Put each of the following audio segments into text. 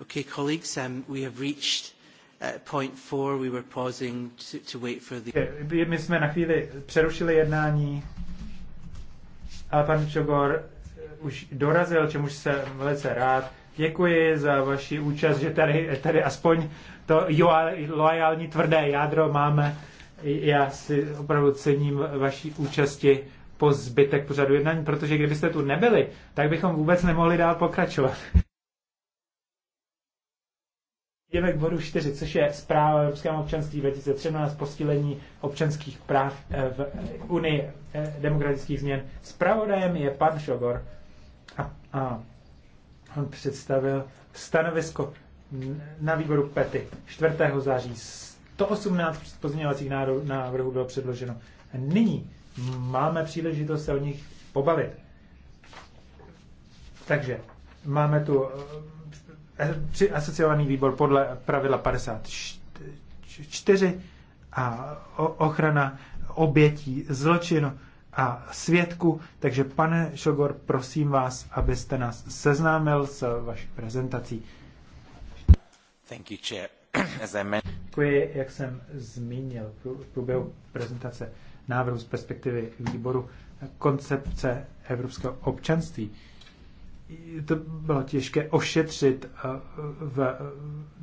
Okay, colleagues, um, we have reached uh, point four. We were pausing to, to wait for the... Eh, my jsme na chvíli přerušili jednání, ale pan Čogor eh, už dorazil, čemuž jsem velice rád. Děkuji za vaši účast, že tady, tady aspoň to loajální tvrdé jádro máme. Já si opravdu cením vaší účasti po zbytek pořadu jednání, protože kdybyste tu nebyli, tak bychom vůbec nemohli dál pokračovat. Jdeme k bodu 4, což je zpráva o Evropském občanství 2013, posílení občanských práv eh, v eh, Unii eh, demokratických změn. Spravodajem je pan Šogor a, a on představil stanovisko na výboru PETY 4. září. 118 pozměňovacích návrhů bylo předloženo. A nyní máme příležitost se o nich pobavit. Takže máme tu asociovaný výbor podle pravidla 54 a ochrana obětí zločinu a svědku. Takže pane Šogor, prosím vás, abyste nás seznámil s vaší prezentací. Thank you, chair. As I meant... Děkuji, jak jsem zmínil v průběhu prezentace návrhu z perspektivy výboru koncepce evropského občanství to bylo těžké ošetřit eh, v eh,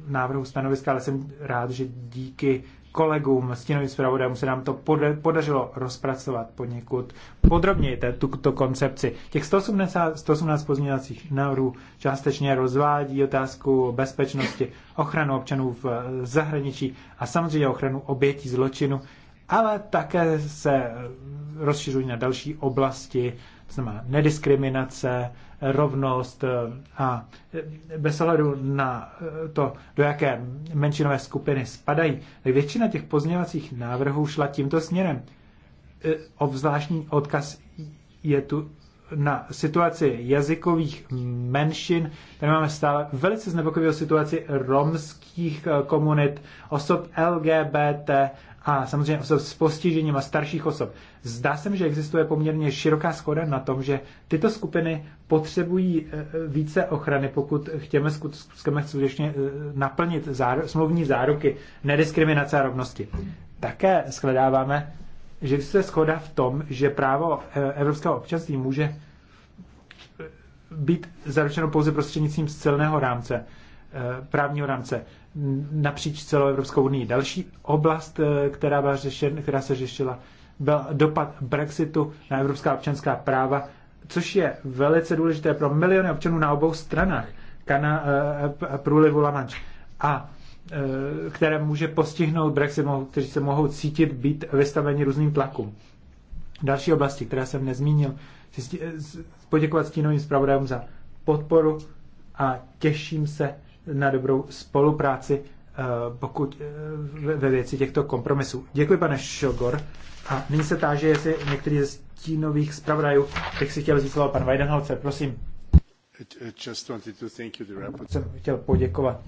návrhu stanoviska, ale jsem rád, že díky kolegům, stínovým zpravodajům se nám to podařilo rozpracovat poněkud podrobněji tuto koncepci. Těch 180, 118 pozměňovacích návrhů částečně rozvádí otázku bezpečnosti, ochranu občanů v eh, zahraničí a samozřejmě ochranu obětí zločinu, ale také se rozšiřují na další oblasti, to znamená nediskriminace, rovnost eh, a eh, bez ohledu na eh, to, do jaké menšinové skupiny spadají, tak většina těch pozměňovacích návrhů šla tímto směrem. Obzvláštní odkaz je tu na situaci jazykových menšin. Tady máme stále velice znepokojivou situaci romských komunit, osob LGBT a samozřejmě osob s postižením a starších osob. Zdá se mi, že existuje poměrně široká schoda na tom, že tyto skupiny potřebují e, e, více ochrany, pokud chceme, skutečně e, naplnit záru, smluvní záruky nediskriminace a rovnosti. Také shledáváme, že existuje schoda v tom, že právo evropského občanství může být zaručeno pouze prostřednictvím silného rámce, právního rámce napříč celou Evropskou unii. Další oblast, eh, která, byla řešen, která se řešila, byl dopad Brexitu na evropská občanská práva, což je velice důležité pro miliony občanů na obou stranách kana, eh, průlivu La Manche. A eh, které může postihnout Brexit, kteří se mohou cítit být vystaveni různým tlakům. Další oblasti, které jsem nezmínil, poděkovat stínovým zpravodajům za podporu a těším se na dobrou spolupráci eh, pokud eh, ve věci těchto kompromisů. Děkuji, pane Šogor. A nyní se táže, jestli některý ze stínových zpravodajů, bych si chtěl vzít pan Weidenholce, prosím. Just wanted to thank you, the Jsem chtěl poděkovat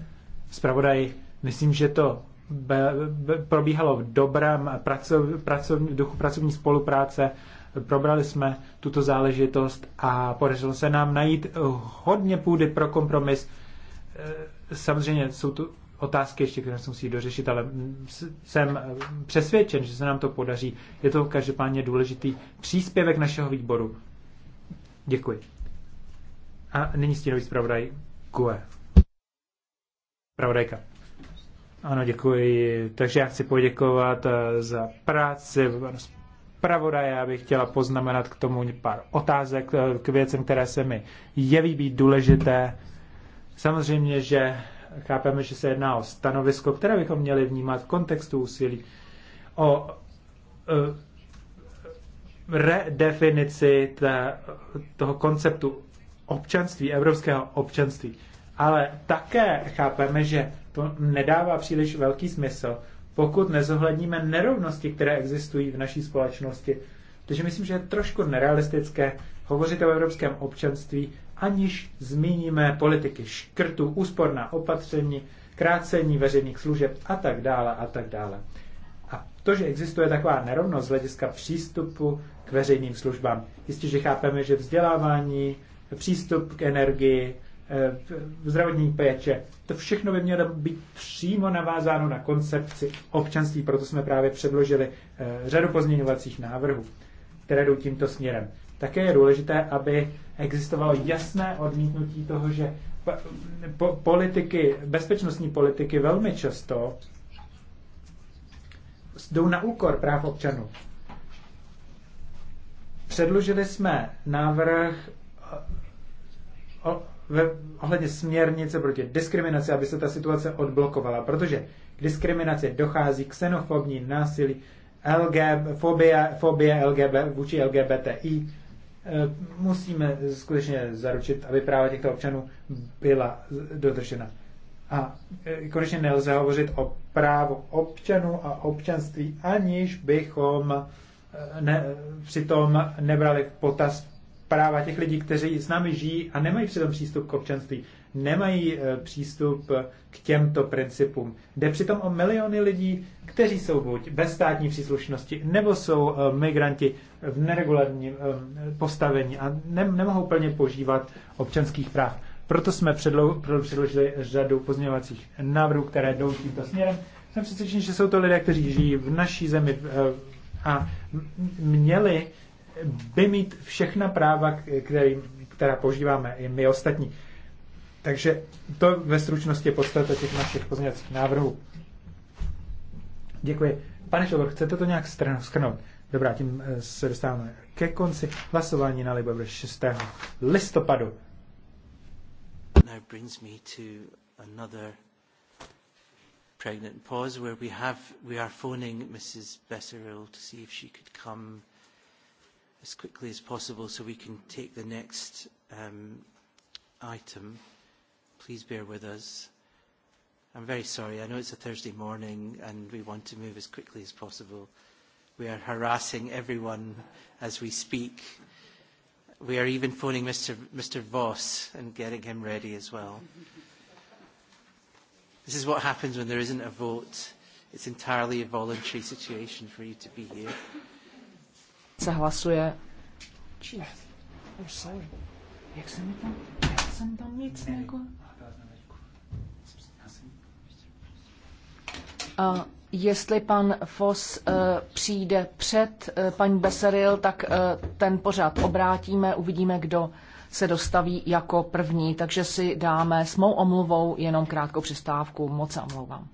zpravodaji. Myslím, že to be, be, probíhalo v dobrém pracov, pracov, duchu pracovní spolupráce. Probrali jsme tuto záležitost a podařilo se nám najít hodně půdy pro kompromis Eh, samozřejmě jsou tu otázky ještě, které se musí dořešit, ale mm, jsem eh, přesvědčen, že se nám to podaří. Je to každopádně důležitý příspěvek našeho výboru. Děkuji. A nyní stínový zpravodaj Kue. Pravodajka. Ano, děkuji. Takže já chci poděkovat eh, za práci zpravodaje. Já bych chtěla poznamenat k tomu pár otázek k věcem, které se mi jeví být důležité Samozřejmě, že chápeme, že se jedná o stanovisko, které bychom měli vnímat v kontextu úsilí o eh, redefinici toho konceptu občanství, evropského občanství. Ale také chápeme, že to nedává příliš velký smysl, pokud nezohledníme nerovnosti, které existují v naší společnosti. Takže myslím, že je trošku nerealistické hovořit o evropském občanství, aniž zmíníme politiky škrtů, úsporná opatření, krácení veřejných služeb a tak dále a tak dále. A to, že existuje taková nerovnost z hlediska přístupu k veřejným službám, jistě, že chápeme, že vzdělávání, přístup k energii, eh, zdravotní péče, to všechno by mělo být přímo navázáno na koncepci občanství, proto jsme právě předložili eh, řadu pozměňovacích návrhů, které jdou tímto směrem. Také je důležité, aby existovalo jasné odmítnutí toho, že politiky, bezpečnostní politiky velmi často jdou na úkor práv občanů. Předložili jsme návrh o, ohledně směrnice proti diskriminaci, aby se ta situace odblokovala, protože k diskriminaci dochází xenofobní násilí, LG, fobie, fobie LGB, vůči LGBTI Eh, musíme skutečně zaručit, aby práva těchto občanů byla dodržena. A eh, konečně nelze hovořit o právu občanů a občanství, aniž bychom eh, ne, přitom nebrali v potaz práva těch lidí, kteří s námi žijí a nemají přitom přístup k občanství, nemají eh, přístup eh, k těmto principům. Jde přitom o miliony lidí, kteří jsou buď bez státní příslušnosti, nebo jsou eh, migranti v neregulárním postavení a ne, nemohou plně požívat občanských práv. Proto jsme předložili řadu pozměňovacích návrhů, které jdou tímto směrem. Jsem přesvědčen, že jsou to lidé, kteří žijí v naší zemi a měli by mít všechna práva, který, která požíváme i my ostatní. Takže to ve stručnosti je podstata těch našich pozměňovacích návrhů. Děkuji. Pane Šobor, chcete to nějak skrnout? Dobrá, tím eh, se dostáváme ke konci hlasování na Libor 6. listopadu. Now brings me to another pregnant pause where we have we are phoning Mrs. Besseril to see if she could come as quickly as possible so we can take the next um, item. Please bear with us. I'm very sorry. I know it's a Thursday morning and we want to move as quickly as possible. We are harassing everyone as we speak. We are even phoning Mr. Mr. Voss and getting him ready as well. This is what happens when there isn't a vote. It's entirely a voluntary situation for you to be here se hlasuje. Jak jsem tam, já jsem tam nic jako... A jestli pan Fos uh, eh, přijde před uh, paní Beseril, tak uh, ten pořád obrátíme, uvidíme, kdo se dostaví jako první, takže si dáme s mou omluvou jenom krátkou přestávku. Moc se omlouvám.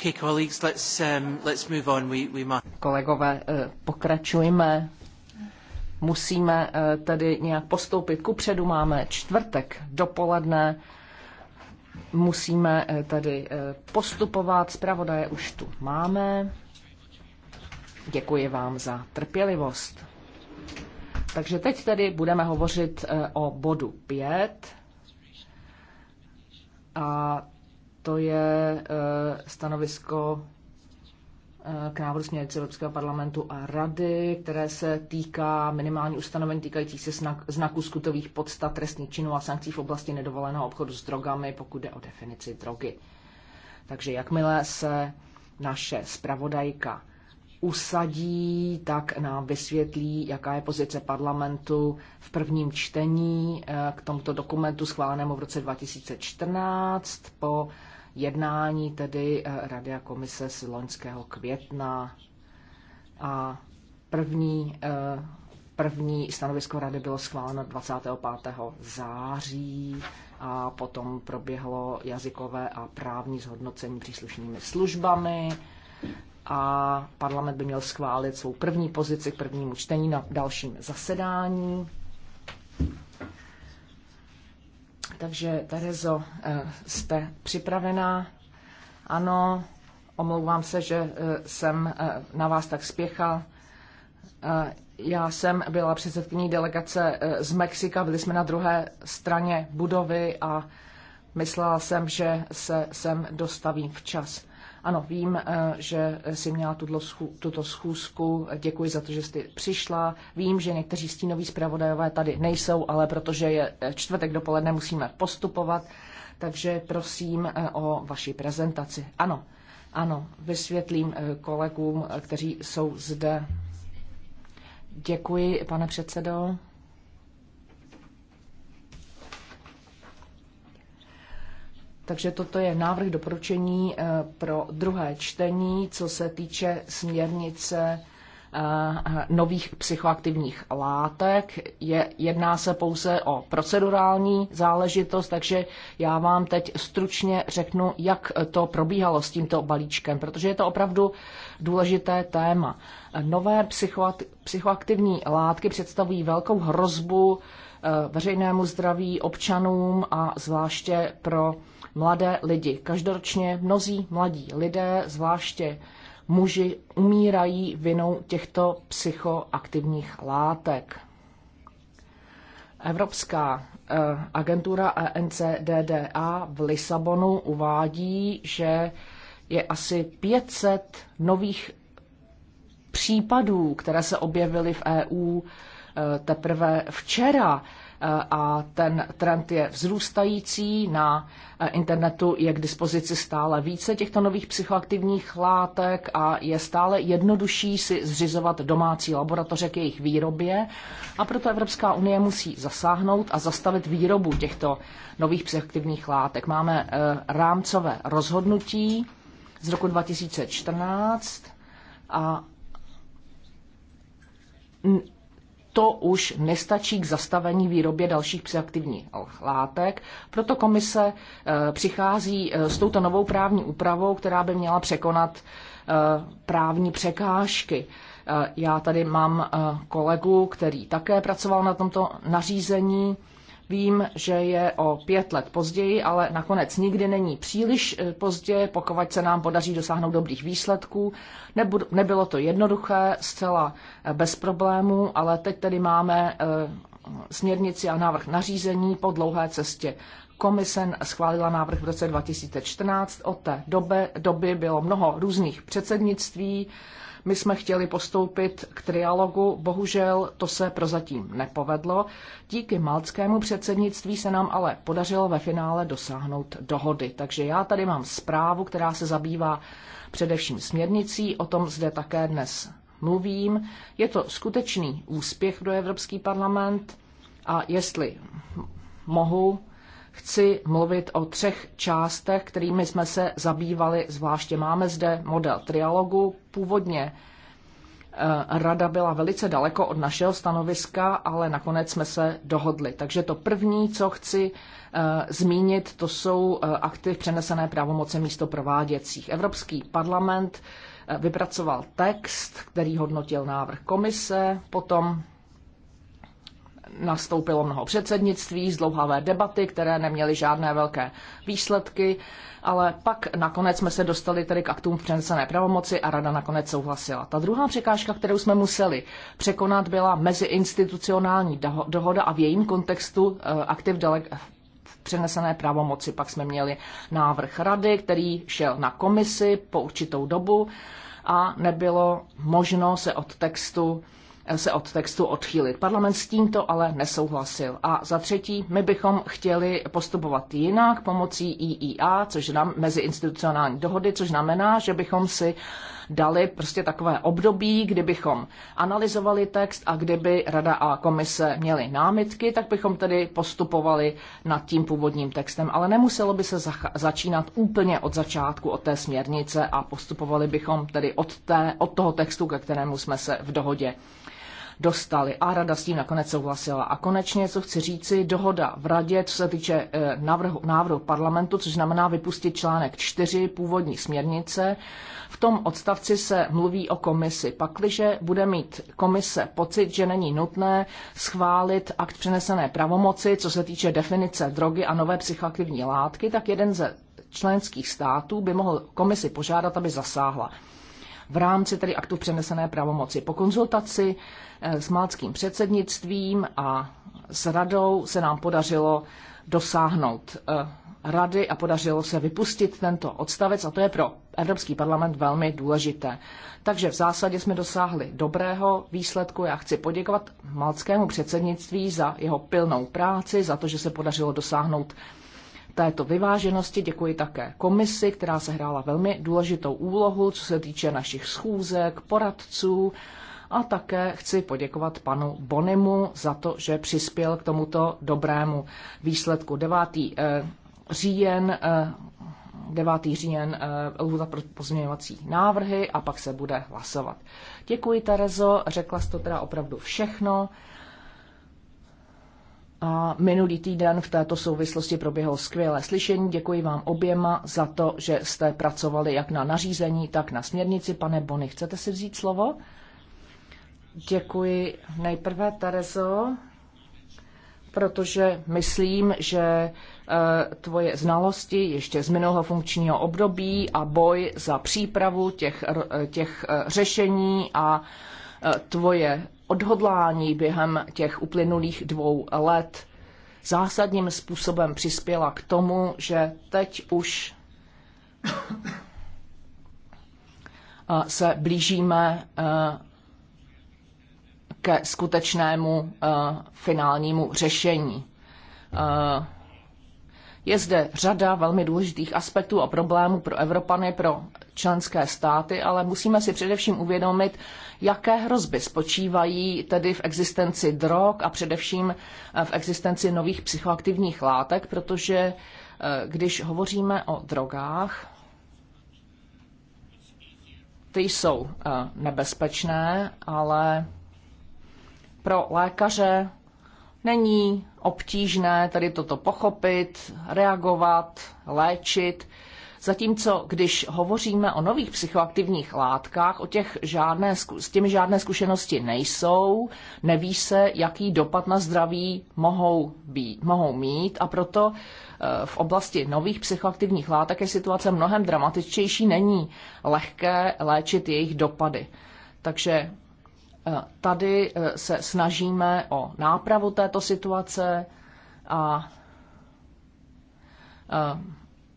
Okay, colleagues, let's, um, let's move on. We, we must... Kolegové, eh, pokračujme. Musíme eh, tedy nějak postoupit ku předu. Máme čtvrtek dopoledne. Musíme eh, tedy postupovat. Zpravodaje už tu máme. Děkuji vám za trpělivost. Takže teď tedy budeme hovořit o bodu 5. A to je eh, stanovisko eh, k návrhu směrnice Evropského parlamentu a rady, které se týká minimální ustanovení týkajících se znak, znaků skutových podstat trestných činů a sankcí v oblasti nedovoleného obchodu s drogami, pokud jde o definici drogy. Takže jakmile se naše zpravodajka usadí, tak nám vysvětlí, jaká je pozice parlamentu v prvním čtení eh, k tomuto dokumentu schválenému v roce 2014 po jednání tedy eh, Rady a komise z loňského května. A první, eh, první stanovisko Rady bylo schváleno 25. září a potom proběhlo jazykové a právní zhodnocení příslušnými službami a parlament by měl schválit svou první pozici k prvnímu čtení na dalším zasedání. Takže, Terezo, eh, jste připravená? Ano, omlouvám se, že eh, jsem eh, na vás tak spěchal. Já jsem byla předsedkyní delegace z Mexika, byli jsme na druhé straně budovy a myslela jsem, že se sem dostavím včas. Ano, vím, eh, že jsi měla tuto, schůzku. Děkuji za to, že jsi přišla. Vím, že někteří stínoví zpravodajové tady nejsou, ale protože je eh, čtvrtek dopoledne, musíme postupovat. Takže prosím eh, o vaši prezentaci. Ano, ano, vysvětlím kolegům, kteří jsou zde. Děkuji, pane předsedo. Takže toto je návrh doporučení eh, pro druhé čtení, co se týče směrnice eh, nových psychoaktivních látek. Je, jedná se pouze o procedurální záležitost, takže já vám teď stručně řeknu, jak to probíhalo s tímto balíčkem, protože je to opravdu důležité téma. Nové psychoaktivní látky představují velkou hrozbu Eh, veřejnému zdraví, občanům a zvláště pro mladé lidi. Každoročně mnozí mladí lidé, zvláště muži, umírají vinou těchto psychoaktivních látek. Evropská eh, agentura ENCDDA v Lisabonu uvádí, že je asi 500 nových případů, které se objevily v EU Eh, teprve včera eh, a ten trend je vzrůstající. Na eh, internetu je k dispozici stále více těchto nových psychoaktivních látek a je stále jednodušší si zřizovat domácí laboratoře k jejich výrobě. A proto Evropská unie musí zasáhnout a zastavit výrobu těchto nových psychoaktivních látek. Máme rámcové rozhodnutí z roku 2014 a to už nestačí k zastavení výrobě dalších psychoaktivních látek. Proto komise eh, přichází eh, s touto novou právní úpravou, která by měla překonat eh, právní překážky. Já tady mám kolegu, který také pracoval na tomto nařízení Vím, že je o pět let později, ale nakonec nikdy není příliš eh, pozdě, pokud se nám podaří dosáhnout dobrých výsledků. nebylo to jednoduché, zcela eh, bez problémů, ale teď tedy máme eh, směrnici a návrh nařízení po dlouhé cestě. Komise schválila návrh v roce 2014. Od té doby, doby bylo mnoho různých předsednictví, my jsme chtěli postoupit k trialogu, bohužel to se prozatím nepovedlo. Díky malckému předsednictví se nám ale podařilo ve finále dosáhnout dohody. Takže já tady mám zprávu, která se zabývá především směrnicí, o tom zde také dnes mluvím. Je to skutečný úspěch pro Evropský parlament a jestli mohu, chci mluvit o třech částech, kterými jsme se zabývali zvláště. Máme zde model trialogu. Původně eh, rada byla velice daleko od našeho stanoviska, ale nakonec jsme se dohodli. Takže to první, co chci eh, zmínit, to jsou eh, akty v přenesené pravomoce místo prováděcích. Evropský parlament vypracoval text, který hodnotil návrh komise, potom nastoupilo mnoho předsednictví, zdlouhavé debaty, které neměly žádné velké výsledky, ale pak nakonec jsme se dostali tedy k aktům v přenesené pravomoci a rada nakonec souhlasila. Ta druhá překážka, kterou jsme museli překonat, byla meziinstitucionální dohoda a v jejím kontextu eh, aktiv delek přenesené pravomoci. Pak jsme měli návrh rady, který šel na komisi po určitou dobu a nebylo možno se od textu se od textu odchýlit. Parlament s tímto ale nesouhlasil. A za třetí, my bychom chtěli postupovat jinak pomocí IIA, což je nám meziinstitucionální dohody, což znamená, že bychom si dali prostě takové období, kdybychom analyzovali text a kdyby Rada a komise měly námitky, tak bychom tedy postupovali nad tím původním textem, ale nemuselo by se začínat úplně od začátku, od té směrnice a postupovali bychom tedy od, té, od toho textu, ke kterému jsme se v dohodě dostali a rada s tím nakonec souhlasila. A konečně, co chci říci, dohoda v radě, co se týče eh, návrhu, návrhu parlamentu, což znamená vypustit článek 4 původní směrnice. V tom odstavci se mluví o komisi. Pakliže bude mít komise pocit, že není nutné schválit akt přenesené pravomoci, co se týče definice drogy a nové psychoaktivní látky, tak jeden ze členských států by mohl komisi požádat, aby zasáhla v rámci tedy aktu přenesené pravomoci. Po konzultaci eh, s malckým předsednictvím a s radou se nám podařilo dosáhnout eh, rady a podařilo se vypustit tento odstavec a to je pro Evropský parlament velmi důležité. Takže v zásadě jsme dosáhli dobrého výsledku. Já chci poděkovat malckému předsednictví za jeho pilnou práci, za to, že se podařilo dosáhnout této vyváženosti. Děkuji také komisi, která se hrála velmi důležitou úlohu, co se týče našich schůzek, poradců. A také chci poděkovat panu Bonimu za to, že přispěl k tomuto dobrému výsledku. 9. Eh, říjen 9. Eh, říjen eh, lhůta pro pozměňovací návrhy a pak se bude hlasovat. Děkuji, Terezo, řekla jsi to teda opravdu všechno a minulý týden v této souvislosti proběhlo skvělé slyšení. Děkuji vám oběma za to, že jste pracovali jak na nařízení, tak na směrnici. Pane Bony, chcete si vzít slovo? Děkuji nejprve, Terezo, protože myslím, že eh, tvoje znalosti ještě z minulého funkčního období a boj za přípravu těch, eh, těch eh, řešení a tvoje odhodlání během těch uplynulých dvou let zásadním způsobem přispěla k tomu, že teď už eh, se blížíme eh, ke skutečnému eh, finálnímu řešení. Je zde řada velmi důležitých aspektů a problémů pro Evropany, pro členské státy, ale musíme si především uvědomit, jaké hrozby spočívají tedy v existenci drog a především eh, v existenci nových psychoaktivních látek, protože eh, když hovoříme o drogách, ty jsou eh, nebezpečné, ale pro lékaře není obtížné tady toto pochopit, reagovat, léčit. Zatímco, když hovoříme o nových psychoaktivních látkách, o těch žádné, s těmi žádné zkušenosti nejsou, neví se, jaký dopad na zdraví mohou, být, mohou mít a proto eh, v oblasti nových psychoaktivních látek je situace mnohem dramatičtější, není lehké léčit jejich dopady. Takže Eh, tady eh, se snažíme o nápravu této situace a eh,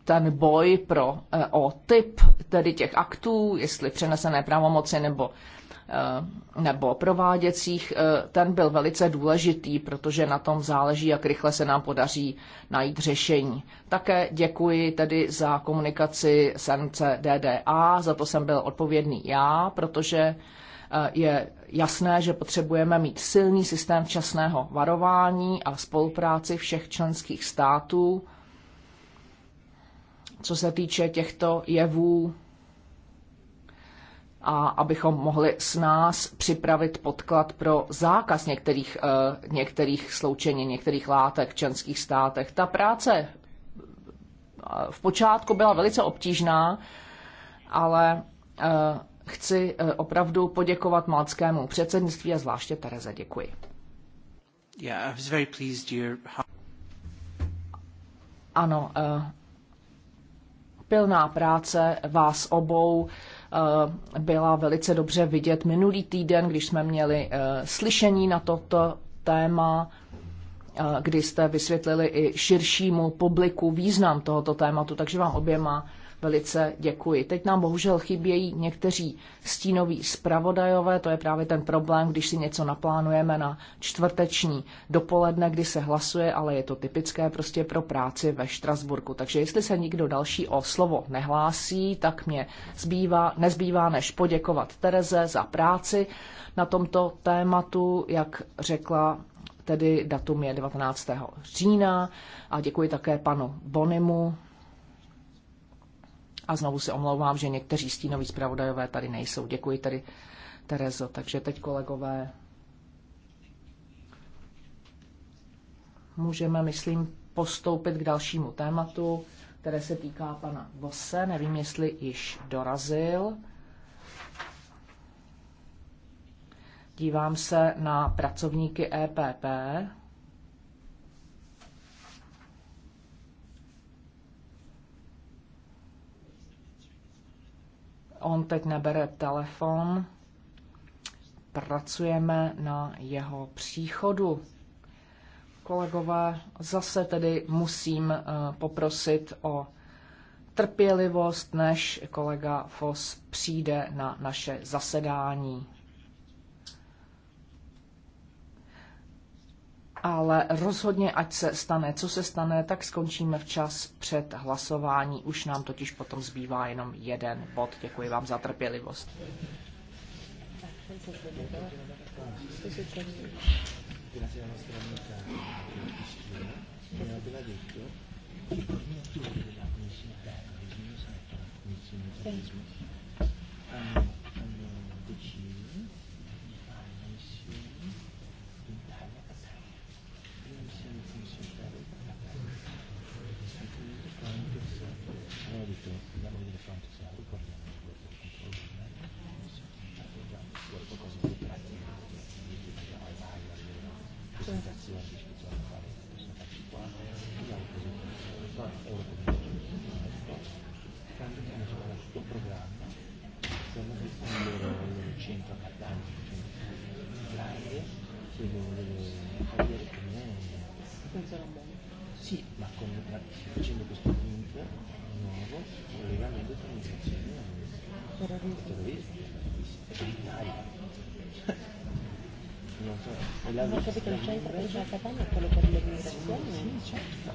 ten boj pro, o typ tedy těch aktů, jestli přenesené pravomoci nebo, nebo prováděcích, ten byl velice důležitý, protože na tom záleží, jak rychle se nám podaří najít řešení. Také děkuji tedy za komunikaci SNC DDA, za to jsem byl odpovědný já, protože Eh, je jasné, že potřebujeme mít silný systém včasného varování a spolupráci všech členských států. Co se týče těchto jevů, a abychom mohli s nás připravit podklad pro zákaz některých, eh, některých sloučení, některých látek v členských státech. Ta práce eh, v počátku byla velice obtížná, ale chci eh, opravdu poděkovat maltskému předsednictví a zvláště Tereze. Děkuji. Yeah, pleased, ano, eh, pilná práce vás obou eh, byla velice dobře vidět minulý týden, když jsme měli slyšení na toto téma, kdy jste vysvětlili i širšímu publiku význam tohoto tématu, takže vám oběma velice děkuji. Teď nám bohužel chybějí někteří stínoví zpravodajové, to je právě ten problém, když si něco naplánujeme na čtvrteční dopoledne, kdy se hlasuje, ale je to typické prostě pro práci ve Štrasburku. Takže jestli se nikdo další o slovo nehlásí, tak mě zbývá, nezbývá než poděkovat Tereze za práci na tomto tématu, jak řekla tedy datum je 19. října a děkuji také panu Bonimu a znovu se omlouvám, že někteří stínoví zpravodajové tady nejsou. Děkuji tedy, Terezo. Takže teď, kolegové, můžeme, myslím, postoupit k dalšímu tématu, které se týká pana Vose. Nevím, jestli již dorazil. Dívám se na pracovníky EPP. On teď nebere telefon. Pracujeme na jeho příchodu. Kolegové, zase tedy musím eh, poprosit o trpělivost, než kolega Fos přijde na naše zasedání. ale rozhodně, ať se stane, co se stane, tak skončíme včas před hlasování. Už nám totiž potom zbývá jenom jeden bod. Děkuji vám za trpělivost. Thank you. senza la bomba. Sì, ma con, ma facendo questo link nuovo, un legamento tra migrazione e terrorismo. Terrorismo, totalitario. Non so, e la ma capito, il centro che c'è a Catania è quello per le migrazioni? Sì, certo.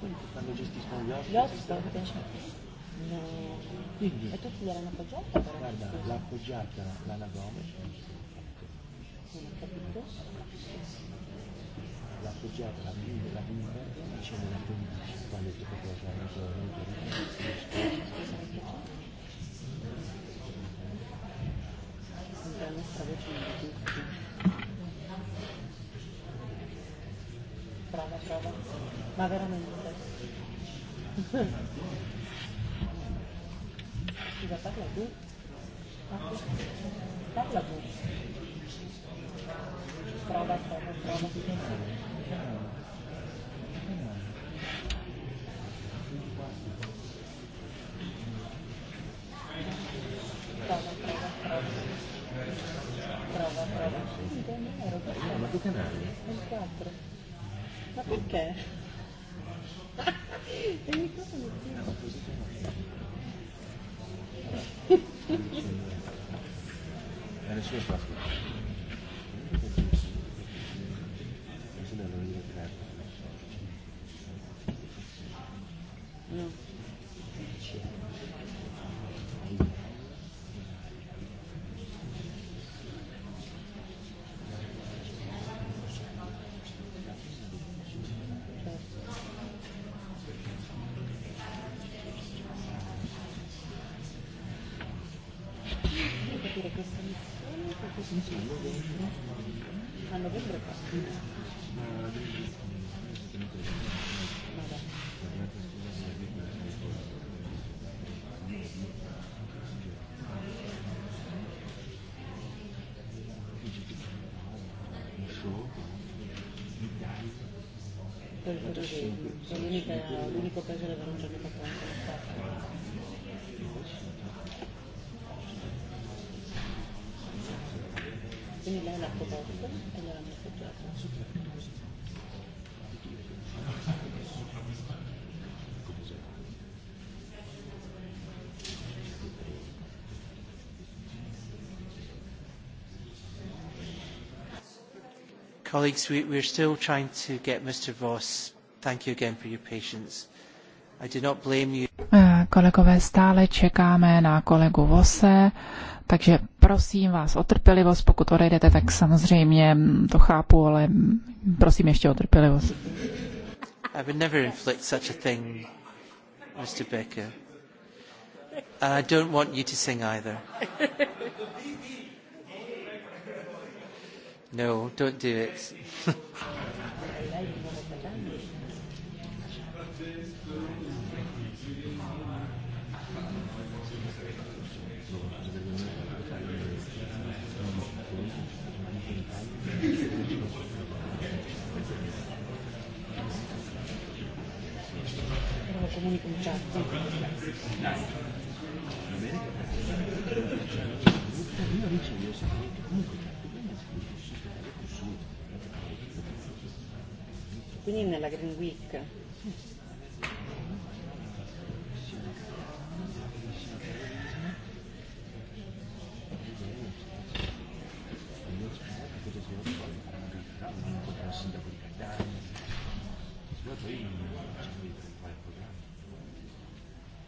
Quelli che quando gestiscono gli ospiti. Gli ospiti? Certo. No. Quindi, e tutti gliel'hanno appoggiata? Guarda, l'ha appoggiata l'anagome. Non ho capito la peggiore la migliore la migliore c'è nella politica quando si può fare la Brava, brava, ma veramente. Scusa, parla tu? Parla tu. Prova, prova, prova. quattro canali. Sono quattro. Ma perché? e mi cosa mi Adesso lo faccio. l'unico paese dove non c'è quindi lei l'ha proposto Colleagues, we, we're still trying to get Mr. Voss. Thank you again for your patience. I do not blame you. Uh, Kolegové, stále čekáme na kolegu Vose, takže prosím vás o trpělivost. Pokud odejdete, tak samozřejmě mm, to chápu, ale mm, prosím ještě o trpělivost. I would never inflict such a thing, Mr. Baker. And I don't want you to sing either. No, don't do it. ogni contratto. Quindi nella Green Week. Grazie.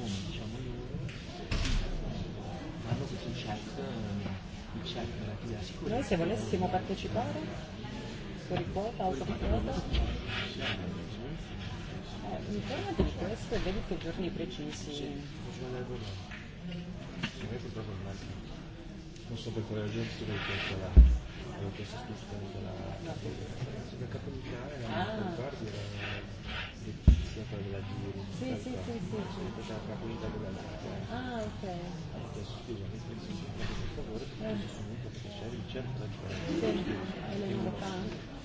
g ลุ่มฉันไม่รู้ ma hanno questo chat il chat dell'attività sicurezza noi se volessimo partecipare fuori quota autoquota eh, informati di questo e vedi che giorni precisi non so no. eh, ah. per quale ragione si devi calcolare avevo chiesto scusa della perché comunicare la ah. guardia era eh, sopra della Giri. Sì, sì, sì, sì. sì, sì, sì, della Lazio. Ah, ok. sì, sì, sì, favore, comunque perché c'è il certo da fare. Sì, è l'importante.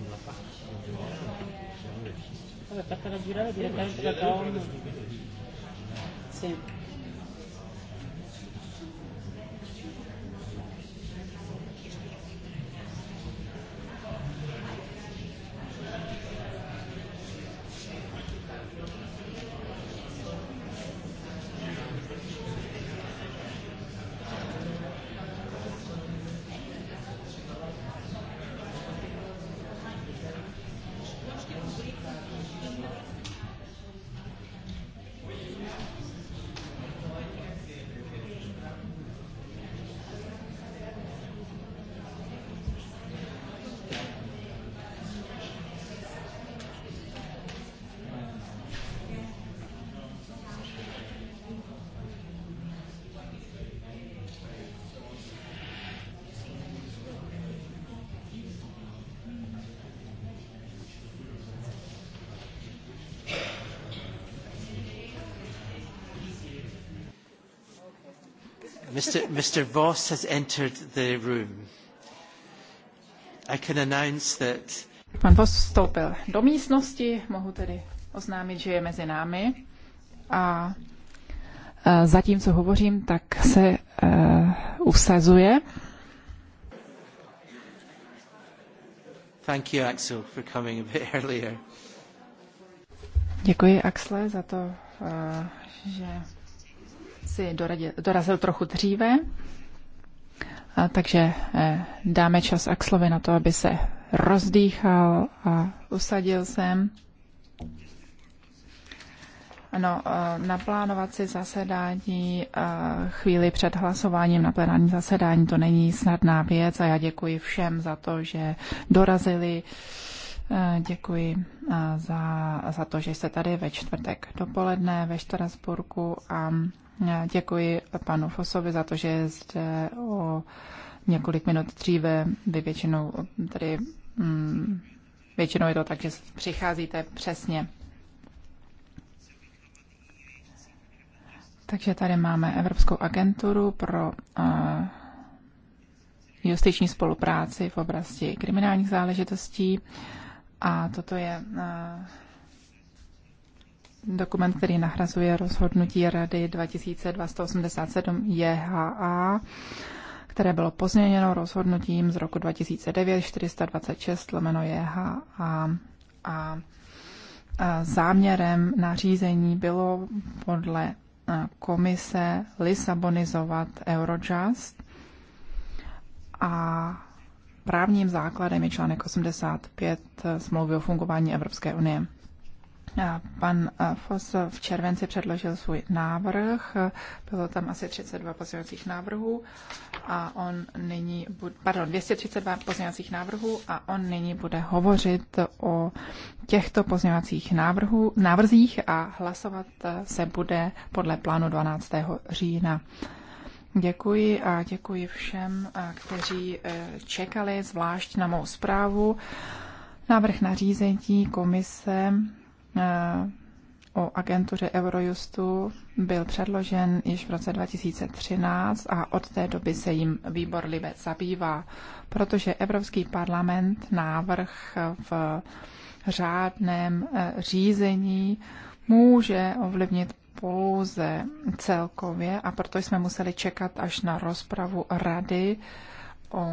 Non la faccio, non la faccio. Vabbè, per farla girare direttamente da Tom. Sì. Mr. Mr. Voss has entered the room. I can announce that... Pan Voss vstoupil do místnosti, mohu tedy oznámit, že je mezi námi. A e, zatímco hovořím, tak se uh, usazuje. Thank you, Axel, for coming a bit earlier. Děkuji, Axle, za to, uh, že si dorazil trochu dříve, a takže eh, dáme čas Axlovi na to, aby se rozdýchal a usadil sem. Ano, eh, naplánovat si zasedání eh, chvíli před hlasováním na plenární zasedání, to není snadná věc a já děkuji všem za to, že dorazili. Děkuji za, za to, že jste tady ve čtvrtek dopoledne ve Štrasburku a Děkuji panu Fosovi za to, že je zde o několik minut dříve. Vy většinou tady mm, většinou je to tak, že přicházíte přesně. Takže tady máme Evropskou agenturu pro uh, justiční spolupráci v oblasti kriminálních záležitostí. A toto je uh, Dokument, který nahrazuje rozhodnutí Rady 2287 JHA, které bylo pozměněno rozhodnutím z roku 2009 426 lomeno JHA a, a záměrem nařízení bylo podle komise lisabonizovat Eurojust a právním základem je článek 85 smlouvy o fungování Evropské unie. Pan Fos v červenci předložil svůj návrh, bylo tam asi 32 pozměňovacích návrhů a on nyní, pardon, 232 pozměňovacích návrhů a on nyní bude hovořit o těchto pozměňovacích návrhů, návrzích a hlasovat se bude podle plánu 12. října. Děkuji a děkuji všem, kteří e, čekali zvlášť na mou zprávu. Návrh na řízení komise Eh, o agentuře Eurojustu byl předložen již v roce 2013 a od té doby se jim výbor Libe zabývá, protože Evropský parlament návrh v řádném eh, řízení může ovlivnit pouze celkově a proto jsme museli čekat až na rozpravu rady o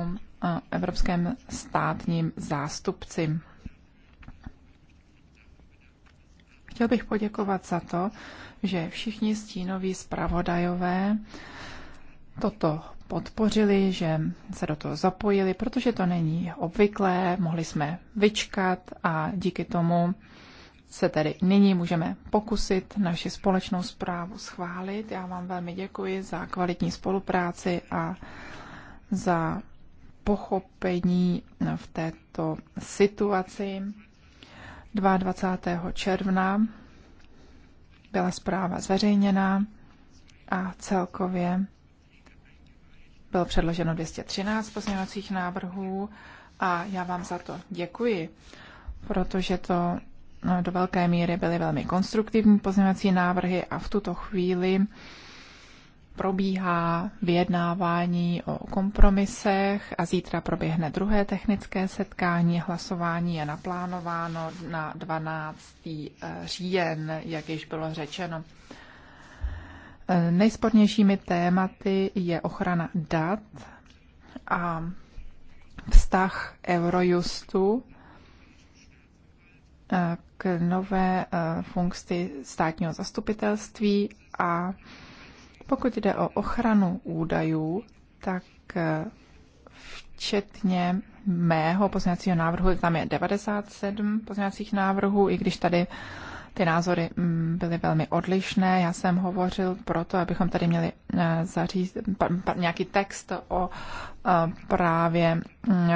eh, evropském státním zástupci. Chtěl bych poděkovat za to, že všichni stínoví zpravodajové toto podpořili, že se do toho zapojili, protože to není obvyklé, mohli jsme vyčkat a díky tomu se tedy nyní můžeme pokusit naši společnou zprávu schválit. Já vám velmi děkuji za kvalitní spolupráci a za pochopení v této situaci. 22. června byla zpráva zveřejněna a celkově bylo předloženo 213 pozměňovacích návrhů a já vám za to děkuji, protože to no, do velké míry byly velmi konstruktivní pozměňovací návrhy a v tuto chvíli probíhá vyjednávání o kompromisech a zítra proběhne druhé technické setkání. Hlasování je naplánováno na 12. Eh, říjen, jak již bylo řečeno. Eh, nejspornějšími tématy je ochrana dat a vztah Eurojustu eh, k nové funkci státního zastupitelství a pokud jde o ochranu údajů, tak eh, včetně mého pozměňovacího návrhu, tam je 97 pozměňovacích návrhů, i když tady ty názory mm, byly velmi odlišné. Já jsem hovořil proto, abychom tady měli eh, zaříz, nějaký text o eh, právě mm,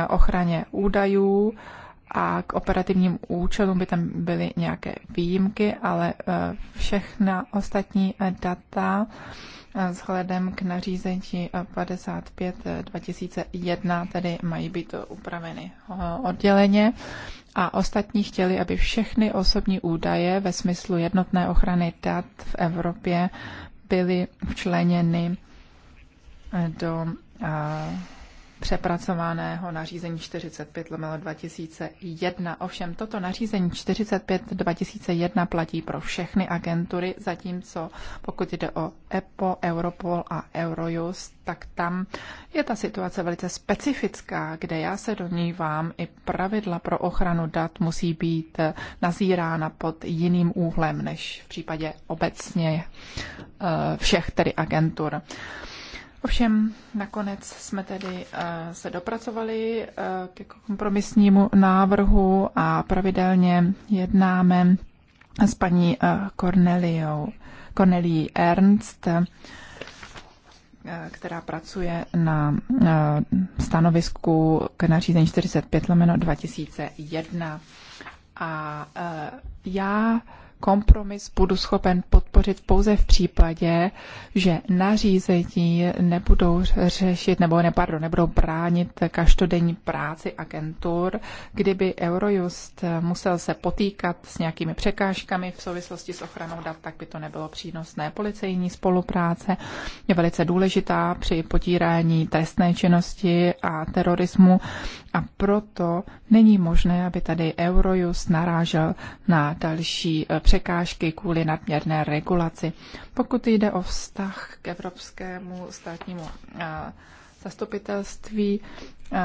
ochraně údajů a k operativním účelům by tam byly nějaké výjimky, ale všechna ostatní data vzhledem k nařízení 55 2001 tedy mají být upraveny odděleně a ostatní chtěli, aby všechny osobní údaje ve smyslu jednotné ochrany dat v Evropě byly včleněny do přepracovaného nařízení 45 lomeno 2001. Ovšem toto nařízení 45 2001 platí pro všechny agentury, zatímco pokud jde o EPO, Europol a Eurojust, tak tam je ta situace velice specifická, kde já se domnívám, i pravidla pro ochranu dat musí být nazírána pod jiným úhlem než v případě obecně eh, všech tedy agentur. Ovšem, nakonec jsme tedy eh, se dopracovali eh, ke kompromisnímu návrhu a pravidelně jednáme s paní eh, Corneliou, Cornelí Ernst, která pracuje na stanovisku k nařízení 45 lomeno 2001. A já kompromis budu schopen podpořit podpořit pouze v případě, že nařízení nebudou řešit, nebo ne, pardon, nebudou bránit každodenní práci agentur, kdyby Eurojust musel se potýkat s nějakými překážkami v souvislosti s ochranou dat, tak by to nebylo přínosné. Policejní spolupráce je velice důležitá při potírání trestné činnosti a terorismu a proto není možné, aby tady Eurojust narážel na další překážky kvůli nadměrné regulaci regulaci. Pokud jde o vztah k evropskému státnímu eh, zastupitelství, eh,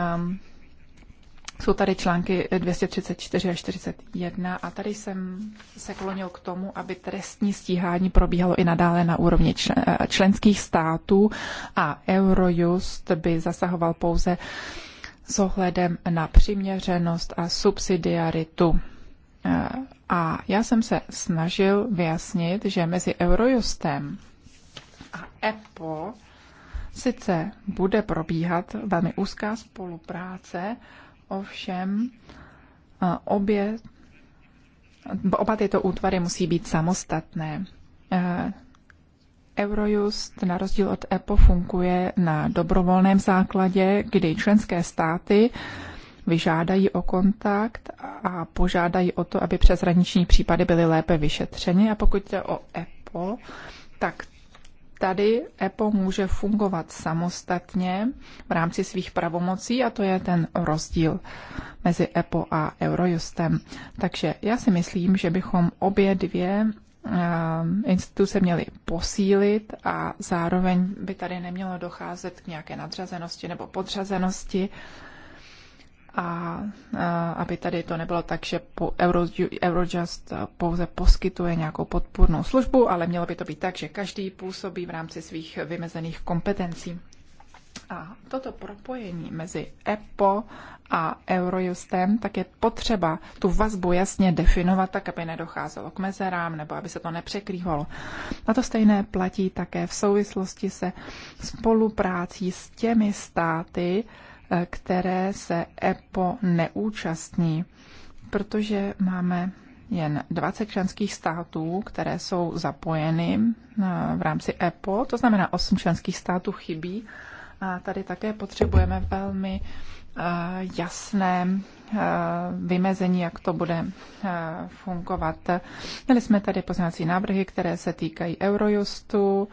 jsou tady články 234 a 41 a tady jsem se klonil k tomu, aby trestní stíhání probíhalo i nadále na úrovni eh, členských států a Eurojust by zasahoval pouze s ohledem na přiměřenost a subsidiaritu. A já jsem se snažil vyjasnit, že mezi Eurojustem a EPO sice bude probíhat velmi úzká spolupráce, ovšem obě, oba tyto útvary musí být samostatné. Eurojust na rozdíl od EPO funguje na dobrovolném základě, kdy členské státy vyžádají o kontakt a požádají o to, aby přeshraniční případy byly lépe vyšetřeny. A pokud jde o EPO, tak tady EPO může fungovat samostatně v rámci svých pravomocí a to je ten rozdíl mezi EPO a Eurojustem. Takže já si myslím, že bychom obě dvě eh, instituce měly posílit a zároveň by tady nemělo docházet k nějaké nadřazenosti nebo podřazenosti a, a aby tady to nebylo tak, že po Euro, Eurojust pouze poskytuje nějakou podpůrnou službu, ale mělo by to být tak, že každý působí v rámci svých vymezených kompetencí. A toto propojení mezi EPO a Eurojustem, tak je potřeba tu vazbu jasně definovat, tak aby nedocházelo k mezerám nebo aby se to nepřekrývalo. Na to stejné platí také v souvislosti se spoluprácí s těmi státy, které se EPO neúčastní, protože máme jen 20 členských států, které jsou zapojeny eh, v rámci EPO, to znamená 8 členských států chybí. A tady také potřebujeme velmi eh, jasné Eh, vymezení, jak to bude eh, fungovat. Měli jsme tady poznací návrhy, které se týkají Eurojustu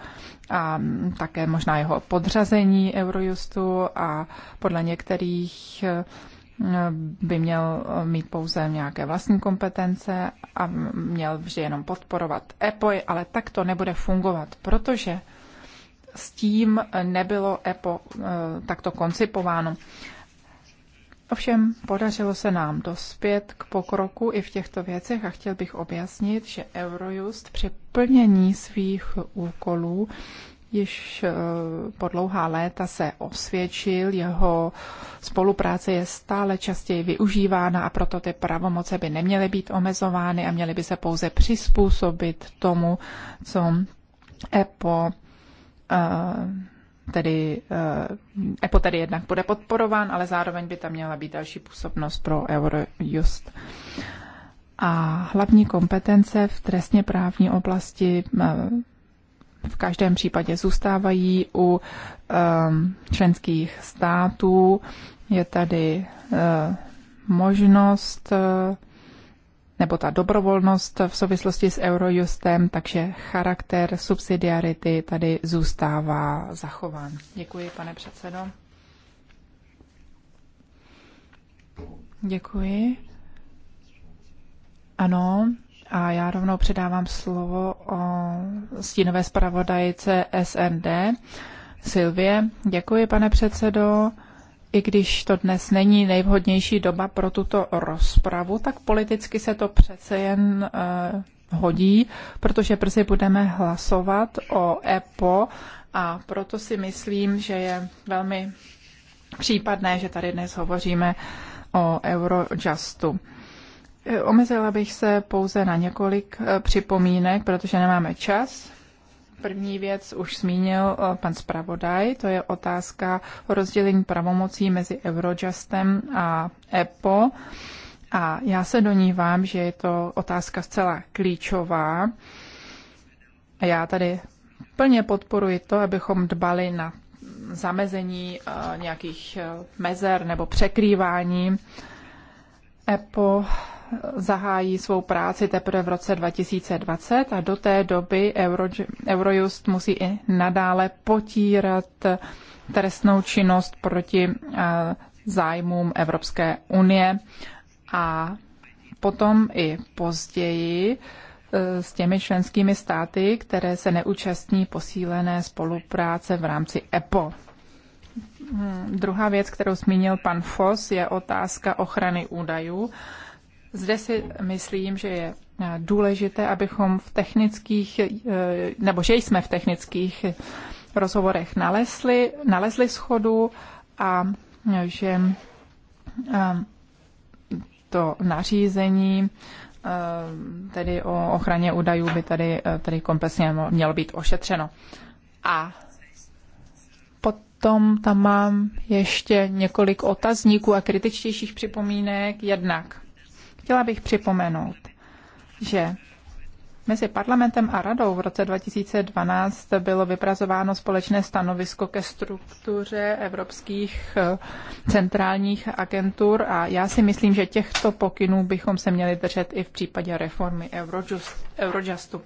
a také možná jeho podřazení Eurojustu a podle některých eh, by měl mít pouze nějaké vlastní kompetence a měl vždy jenom podporovat EPOJ, ale tak to nebude fungovat, protože s tím nebylo EPO takto koncipováno. Ovšem podařilo se nám dospět k pokroku i v těchto věcech a chtěl bych objasnit, že Eurojust při plnění svých úkolů již eh, po dlouhá léta se osvědčil, jeho spolupráce je stále častěji využívána a proto ty pravomoce by neměly být omezovány a měly by se pouze přizpůsobit tomu, co EPO tedy eh, EPO tedy jednak bude podporován, ale zároveň by tam měla být další působnost pro Eurojust. A hlavní kompetence v trestně právní oblasti eh, v každém případě zůstávají u ehm, členských států. Je tady eh, možnost nebo ta dobrovolnost v souvislosti s Eurojustem, takže charakter subsidiarity tady zůstává zachován. Děkuji, pane předsedo. Děkuji. Ano, a já rovnou předávám slovo o stínové zpravodajce SND. Silvě, děkuji, pane předsedo i když to dnes není nejvhodnější doba pro tuto rozpravu, tak politicky se to přece jen uh, hodí, protože brzy budeme hlasovat o EPO a proto si myslím, že je velmi případné, že tady dnes hovoříme o Eurojustu. Eh, omezila bych se pouze na několik eh, připomínek, protože nemáme čas. První věc už zmínil eh, pan zpravodaj, to je otázka rozdělení pravomocí mezi Eurojustem a EPO. A já se donívám, že je to otázka zcela klíčová. A já tady plně podporuji to, abychom dbali na zamezení eh, nějakých eh, mezer nebo překrývání. EPO zahájí svou práci teprve v roce 2020 a do té doby Euro, Eurojust musí i nadále potírat trestnou činnost proti eh, zájmům Evropské unie a potom i později eh, s těmi členskými státy, které se neúčastní posílené spolupráce v rámci EPO. Hmm, druhá věc, kterou zmínil pan Foss, je otázka ochrany údajů zde si myslím, že je eh, důležité, abychom v technických, eh, nebo že jsme v technických rozhovorech nalezli, nalezli schodu a eh, že to nařízení tedy o ochraně údajů by tady, tady komplexně mělo být ošetřeno. A potom tam mám ještě několik otazníků a kritičtějších připomínek. Jednak Chtěla bych připomenout, že mezi parlamentem a radou v roce 2012 bylo vypracováno společné stanovisko ke struktuře evropských eh, centrálních agentur a já si myslím, že těchto pokynů bychom se měli držet i v případě reformy Eurojust, Eurojustu.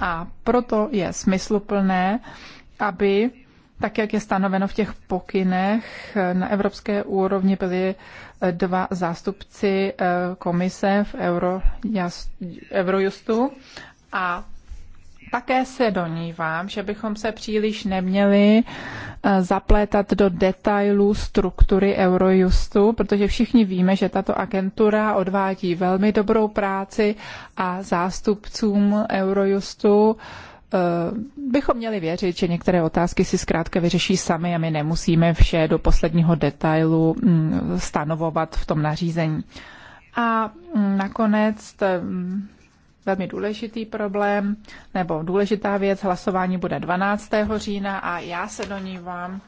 A proto je smysluplné, aby tak jak je stanoveno v těch pokynech, na evropské úrovni byli eh, dva zástupci eh, komise v Euro, Eurojustu a také se donívám, že bychom se příliš neměli eh, zaplétat do detailů struktury Eurojustu, protože všichni víme, že tato agentura odvádí velmi dobrou práci a zástupcům Eurojustu uh, Eh, bychom měli věřit, že některé otázky si zkrátka vyřeší sami a my nemusíme vše do posledního detailu mm, stanovovat v tom nařízení. A mm, nakonec mm, velmi důležitý problém, nebo důležitá věc, hlasování bude 12. října a já se donívám,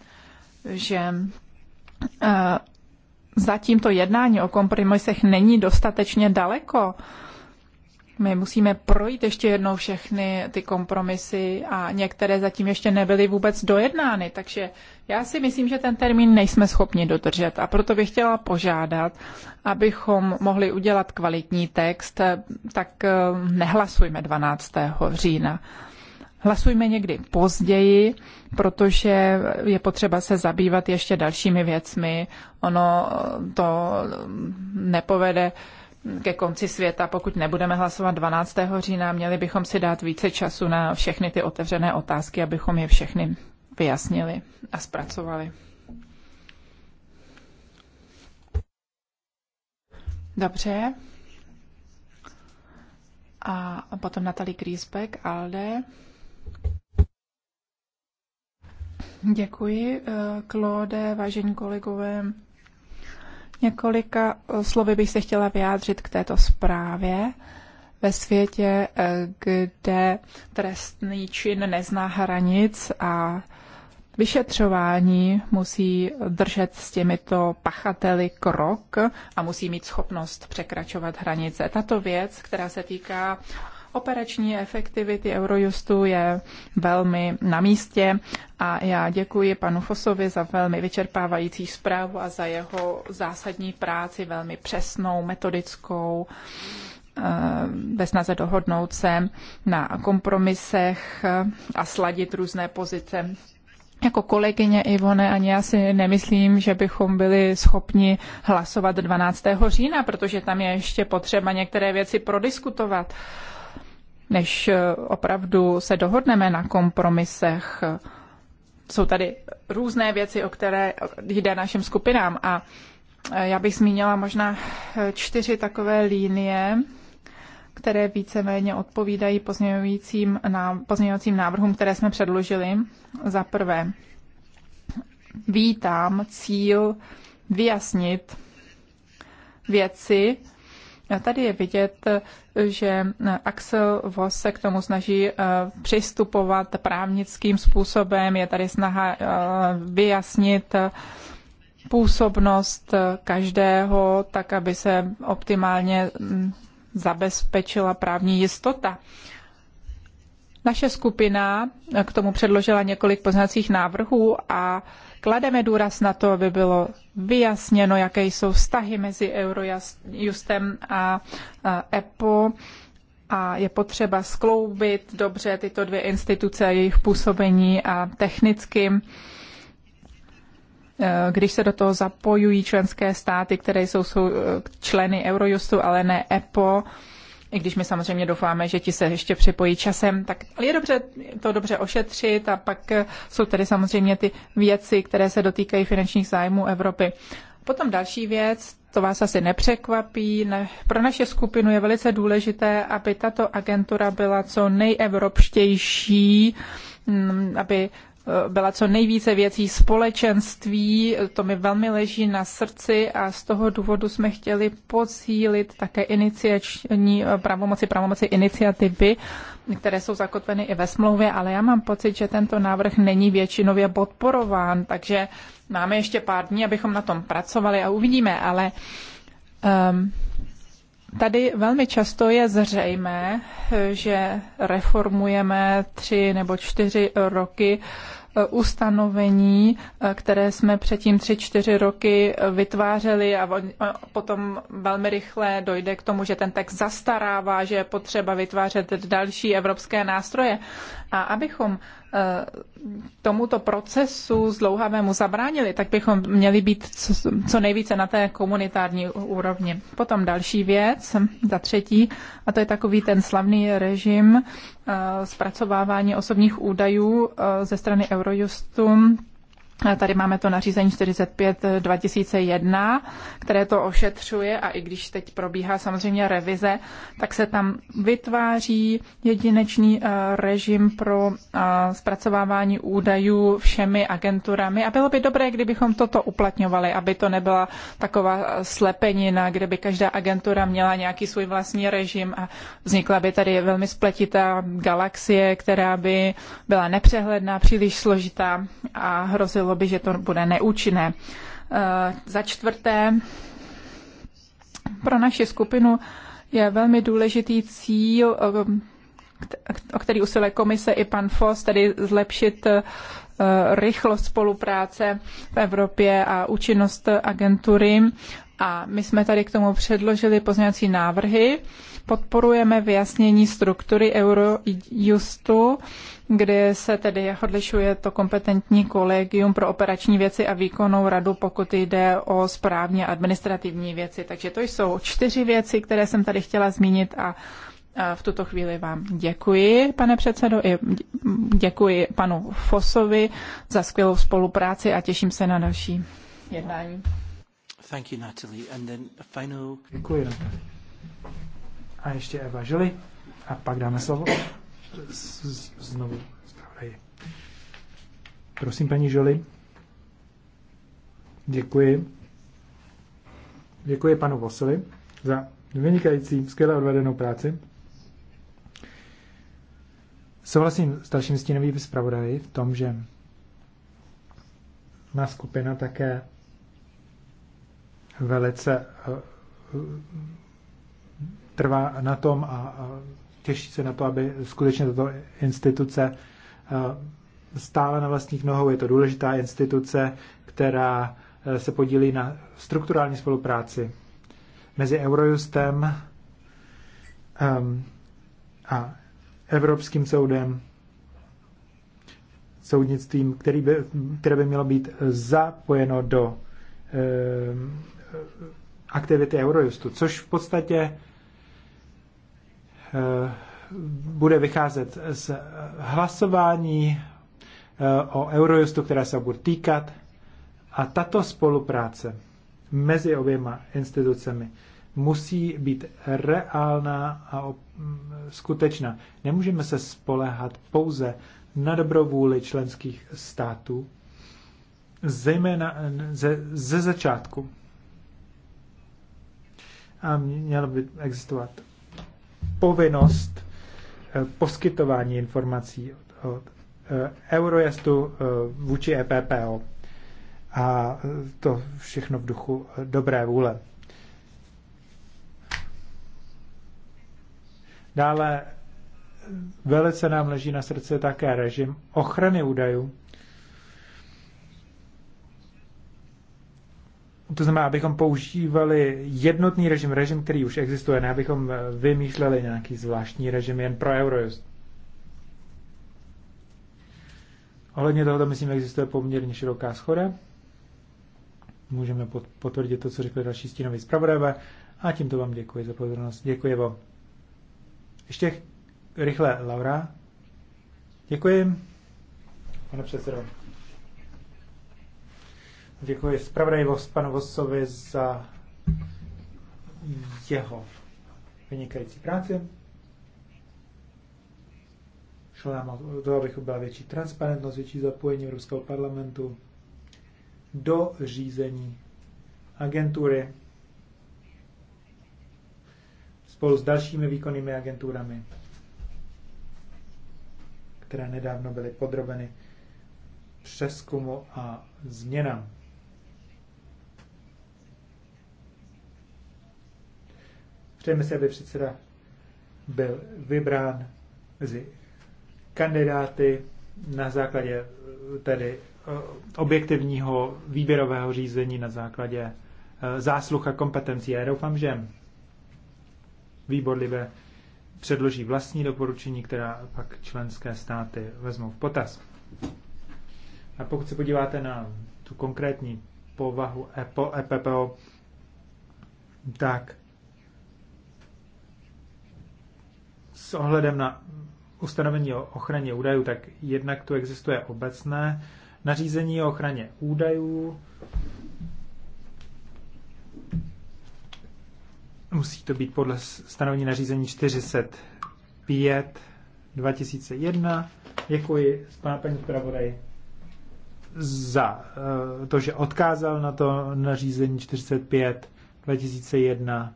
že eh, zatím to jednání o kompromisech není dostatečně daleko. My musíme projít ještě jednou všechny ty kompromisy a některé zatím ještě nebyly vůbec dojednány, takže já si myslím, že ten termín nejsme schopni dodržet a proto bych chtěla požádat, abychom mohli udělat kvalitní text, eh, tak eh, nehlasujme 12. října. Hlasujme někdy později, protože je potřeba se zabývat ještě dalšími věcmi. Ono eh, to mm, nepovede ke konci světa, pokud nebudeme hlasovat 12. října, měli bychom si dát více času na všechny ty otevřené otázky, abychom je všechny vyjasnili a zpracovali. Dobře. A potom Natalie Griesbeck, Alde. Děkuji, eh, Claude, vážení kolegové. Několika eh, slovy bych se chtěla vyjádřit k této zprávě. Ve světě, eh, kde trestný čin nezná hranic a vyšetřování musí držet s těmito pachateli krok a musí mít schopnost překračovat hranice. Tato věc, která se týká operační efektivity Eurojustu je velmi na místě a já děkuji panu Fosovi za velmi vyčerpávající zprávu a za jeho zásadní práci, velmi přesnou, metodickou eh, ve snaze dohodnout se na kompromisech a sladit různé pozice jako kolegyně Ivone ani já si nemyslím, že bychom byli schopni hlasovat 12. října, protože tam je ještě potřeba některé věci prodiskutovat. Uh, než eh, opravdu se dohodneme na kompromisech. Jsou tady různé věci, o které jde našim skupinám a eh, já bych zmínila možná eh, čtyři takové línie, které víceméně odpovídají pozměňovacím, pozměňovacím návrhům, které jsme předložili. Za prvé, vítám cíl vyjasnit věci, Tady je vidět, že Axel Voss se k tomu snaží eh, přistupovat právnickým způsobem. Je tady snaha eh, vyjasnit eh, působnost každého, tak aby se optimálně mm, zabezpečila právní jistota. Naše skupina k tomu předložila několik poznacích návrhů a Klademe důraz na to, aby bylo vyjasněno, jaké jsou vztahy mezi Eurojustem a EPO a je potřeba skloubit dobře tyto dvě instituce a jejich působení a technicky e, když se do toho zapojují členské státy, které jsou, jsou členy Eurojustu, ale ne EPO, i když my samozřejmě doufáme, že ti se ještě připojí časem, tak je dobře to dobře ošetřit a pak eh, jsou tady samozřejmě ty věci, které se dotýkají finančních zájmů Evropy. Potom další věc, to vás asi nepřekvapí. Ne. Pro naše skupinu je velice důležité, aby tato agentura byla co nejevropštější, mm, aby byla co nejvíce věcí společenství. To mi velmi leží na srdci a z toho důvodu jsme chtěli posílit také iniciační eh, pravomoci, pravomoci iniciativy, které jsou zakotveny i ve smlouvě, ale já mám pocit, že tento návrh není většinově podporován, takže máme ještě pár dní, abychom na tom pracovali a uvidíme, ale um, Tady velmi často je zřejmé, že reformujeme tři nebo čtyři roky Eh, ustanovení, eh, které jsme předtím tři čtyři roky eh, vytvářeli a potom velmi rychle dojde k tomu, že ten text zastarává, že je potřeba vytvářet další evropské nástroje. A abychom tomuto procesu zlouhavému zabránili, tak bychom měli být co nejvíce na té komunitární úrovni. Potom další věc, za třetí, a to je takový ten slavný režim Eh, zpracovávání osobních údajů eh, ze strany Eurojustu Tady máme to nařízení 45 2001, eh, které to ošetřuje a i když teď probíhá samozřejmě revize, tak se tam vytváří jedinečný eh, režim pro eh, zpracovávání údajů všemi agenturami a bylo by dobré, kdybychom toto uplatňovali, aby to nebyla taková slepenina, kde by každá agentura měla nějaký svůj vlastní režim a vznikla by tady velmi spletitá galaxie, která by byla nepřehledná, příliš složitá a hrozilo hrozilo by, že to bude neúčinné. Eh, za čtvrté, pro naši skupinu je velmi důležitý cíl, eh, o který usiluje komise i pan Foss, tedy zlepšit eh, rychlost spolupráce v Evropě a účinnost agentury. A my jsme tady k tomu předložili pozměňovací návrhy. Podporujeme vyjasnění struktury Eurojustu kdy se tedy odlišuje to kompetentní kolegium pro operační věci a výkonnou radu, pokud jde o správně administrativní věci. Takže to jsou čtyři věci, které jsem tady chtěla zmínit a v tuto chvíli vám děkuji, pane předsedo, i děkuji panu Fosovi za skvělou spolupráci a těším se na další jednání. Thank you, Natalie. And then a final... Děkuji, Natalie. A ještě Eva Žili a pak dáme slovo znovu zpravodaji. Prosím, paní Žoli. Děkuji. Děkuji panu Vosovi za vynikající, skvěle odvedenou práci. Souhlasím s dalším stínovým zpravodaji v tom, že má skupina také velice eh, trvá na tom a těší se na to, aby skutečně tato instituce eh, stála na vlastních nohou. Je to důležitá instituce, která eh, se podílí na strukturální spolupráci mezi Eurojustem ehm, a Evropským soudem, soudnictvím, který by, které by mělo být zapojeno do ehm, aktivity Eurojustu, což v podstatě Eh, bude vycházet z hlasování eh, o Eurojustu, které se bude týkat. A tato spolupráce mezi oběma institucemi musí být reálná a skutečná. Nemůžeme se spolehat pouze na dobrou vůli členských států, zejména ze, ze začátku. A mělo by existovat povinnost eh, poskytování informací od, Eurojestu eh, Eurojustu eh, vůči EPPO. A to všechno v duchu dobré vůle. Dále velice nám leží na srdce také režim ochrany údajů To znamená, abychom používali jednotný režim, režim, který už existuje, ne abychom eh, vymýšleli nějaký zvláštní režim jen pro Eurojust. Ohledně tohoto, myslím, existuje poměrně široká schoda. Můžeme potvrdit to, co řekli další stínoví zpravodajové. A tímto vám děkuji za pozornost. Děkuji vám. Ještě rychle, Laura. Děkuji, pane předsedo. Děkuji zpravodajvost panu Vosovi za jeho vynikající práci. Šlo nám o to, abych byla větší transparentnost, větší zapojení Evropského parlamentu do řízení agentury spolu s dalšími výkonnými agenturami, které nedávno byly podrobeny přeskumu a změnám. Přejeme si, aby předseda byl vybrán mezi kandidáty na základě eh, tedy eh, objektivního výběrového řízení na základě eh, zásluh a kompetencí. Já doufám, že výbor Libe předloží vlastní doporučení, která pak členské státy vezmou v potaz. A pokud se podíváte na tu konkrétní povahu EPO, EPPO, tak s ohledem na ustanovení o ochraně údajů, tak jednak tu existuje obecné nařízení o ochraně údajů. Musí to být podle stanovení nařízení 405 2001. Děkuji, pana paní zpravodaj, za eh, to, že odkázal na to nařízení 45 2001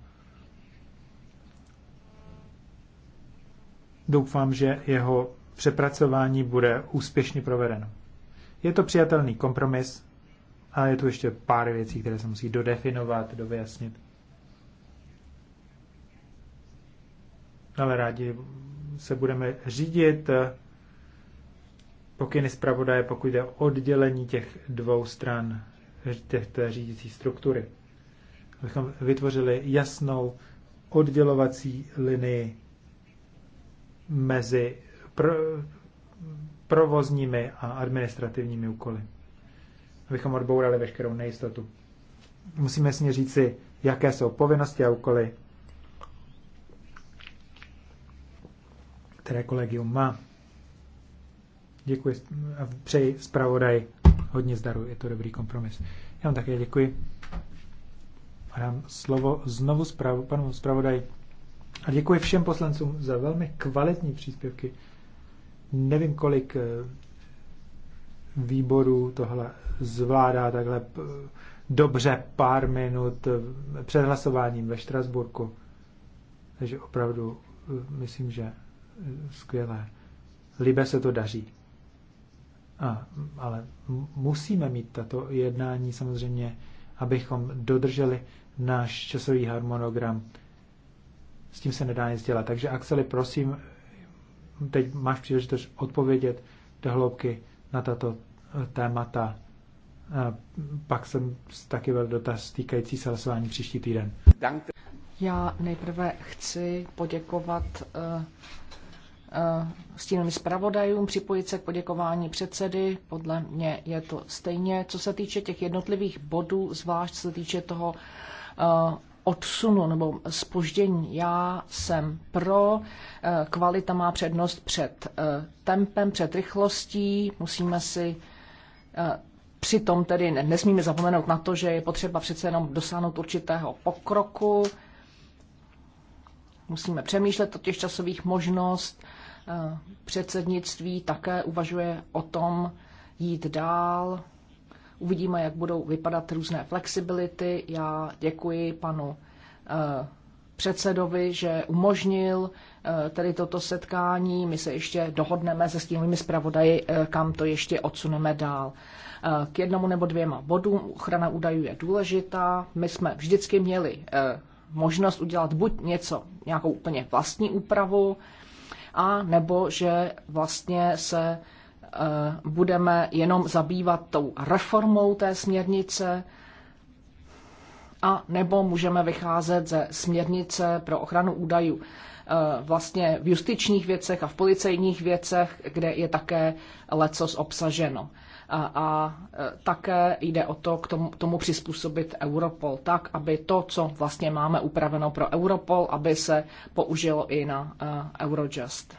doufám, že jeho přepracování bude úspěšně provedeno. Je to přijatelný kompromis, ale je tu ještě pár věcí, které se musí dodefinovat, dovyjasnit. Ale rádi se budeme řídit pokyny zpravodaje, pokud jde o oddělení těch dvou stran té řídící struktury. Abychom vytvořili jasnou oddělovací linii mezi pro, provozními a administrativními úkoly. Abychom odbourali veškerou nejistotu. Musíme si říci, jaké jsou povinnosti a úkoly, které kolegium má. Děkuji a přeji zpravodaj hodně zdaru, je to dobrý kompromis. Já vám také děkuji. A dám slovo znovu zpravu, panu zpravodaji. A děkuji všem poslancům za velmi kvalitní příspěvky. Nevím, kolik eh, výborů tohle zvládá takhle eh, dobře pár minut eh, před hlasováním ve Štrasburku. Takže opravdu myslím, že skvělé. Libe se to daří. A, ale musíme mít tato jednání samozřejmě, abychom dodrželi náš časový harmonogram s tím se nedá nic dělat. Takže Axeli, prosím, teď máš příležitost odpovědět do hloubky na tato eh, témata. Eh, pak jsem taky byl dotaz týkající se hlasování příští týden. Já nejprve chci poděkovat eh, stínovým zpravodajům, připojit se k poděkování předsedy. Podle mě je to stejně. Co se týče těch jednotlivých bodů, zvlášť co se týče toho odsunu nebo spoždění. Já jsem pro, eh, kvalita má přednost před eh, tempem, před rychlostí, musíme si eh, přitom tedy nesmíme zapomenout na to, že je potřeba přece jenom dosáhnout určitého pokroku, musíme přemýšlet o těch časových možnost, předsednictví také uvažuje o tom jít dál, Uvidíme, jak budou vypadat různé flexibility. Já děkuji panu eh, předsedovi, že umožnil eh, tady toto setkání. My se ještě dohodneme se stínovými zpravodaji, eh, kam to ještě odsuneme dál. K jednomu nebo dvěma bodům ochrana údajů je důležitá. My jsme vždycky měli možnost udělat buď něco, nějakou úplně vlastní úpravu, a nebo že vlastně se Eh, budeme jenom zabývat tou reformou té směrnice, a nebo můžeme vycházet ze směrnice pro ochranu údajů eh, vlastně v justičních věcech a v policejních věcech, kde je také lecos obsaženo. A, a eh, také jde o to, k tomu, tomu přizpůsobit Europol tak, aby to, co vlastně máme upraveno pro Europol, aby se použilo i na uh, Eurojust.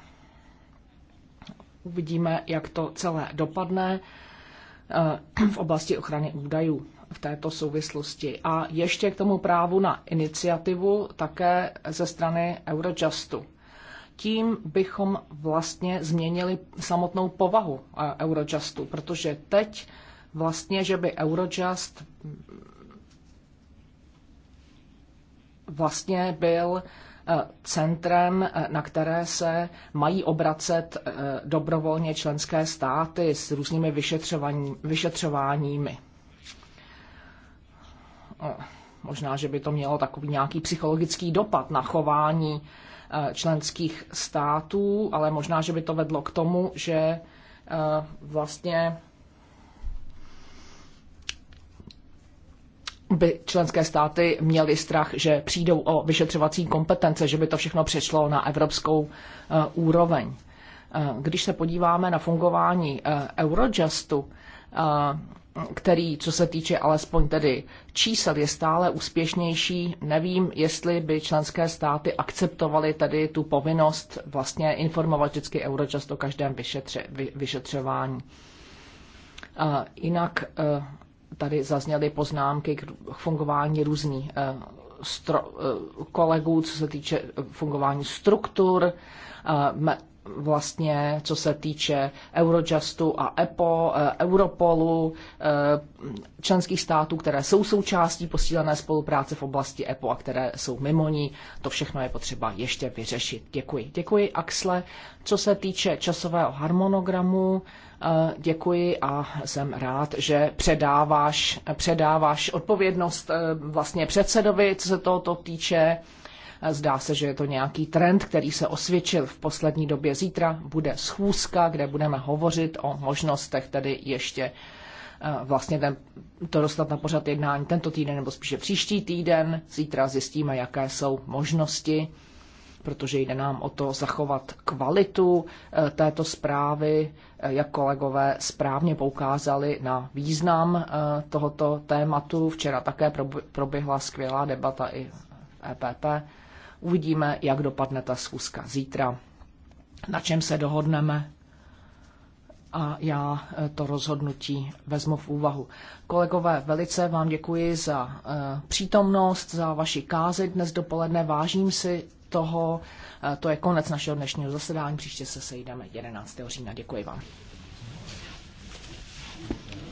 Uvidíme, jak to celé dopadne eh, v oblasti ochrany údajů v této souvislosti. A ještě k tomu právu na iniciativu také ze strany Eurojustu. Tím bychom vlastně změnili samotnou povahu eh, Eurojustu, protože teď vlastně, že by Eurojust vlastně byl Eh, centrem, eh, na které se mají obracet eh, dobrovolně členské státy s různými vyšetřováními. Možná, že by to mělo takový nějaký psychologický dopad na chování členských států, ale možná, že by to vedlo k tomu, že vlastně by členské státy měly strach, že přijdou o vyšetřovací kompetence, že by to všechno přešlo na evropskou eh, úroveň. Eh, když se podíváme na fungování eh, Eurojustu, který, co se týče alespoň tedy čísel, je stále úspěšnější. Nevím, jestli by členské státy akceptovaly tedy tu povinnost vlastně informovat vždycky Eurojust o každém vyšetře, vy, vyšetřování. Jinak Tady zazněly poznámky k fungování různých eh, eh, kolegů, co se týče eh, fungování struktur, vlastně, co se týče Eurojustu a EPO, eh, Europolu, eh, členských států, které jsou součástí posílené spolupráce v oblasti EPO a které jsou mimo ní. To všechno je potřeba ještě vyřešit. Děkuji. Děkuji, Axle. Co se týče časového harmonogramu, eh, děkuji a jsem rád, že předáváš, předáváš odpovědnost vlastně předsedovi, co se tohoto týče. Zdá se, že je to nějaký trend, který se osvědčil v poslední době. Zítra bude schůzka, kde budeme hovořit o možnostech tedy ještě eh, vlastně ten, to dostat na pořad jednání tento týden nebo spíše příští týden. Zítra zjistíme, jaké jsou možnosti, protože jde nám o to zachovat kvalitu eh, této zprávy. Eh, jak kolegové správně poukázali na význam tohoto tématu, včera také proběhla skvělá debata i v EPP Uvidíme, jak dopadne ta schůzka zítra, na čem se dohodneme a já eh, to rozhodnutí vezmu v úvahu. Kolegové, velice vám děkuji za eh, přítomnost, za vaši kázi dnes dopoledne. Vážím si toho. Eh, to je konec našeho dnešního zasedání. Příště se sejdeme 11. října. Děkuji vám.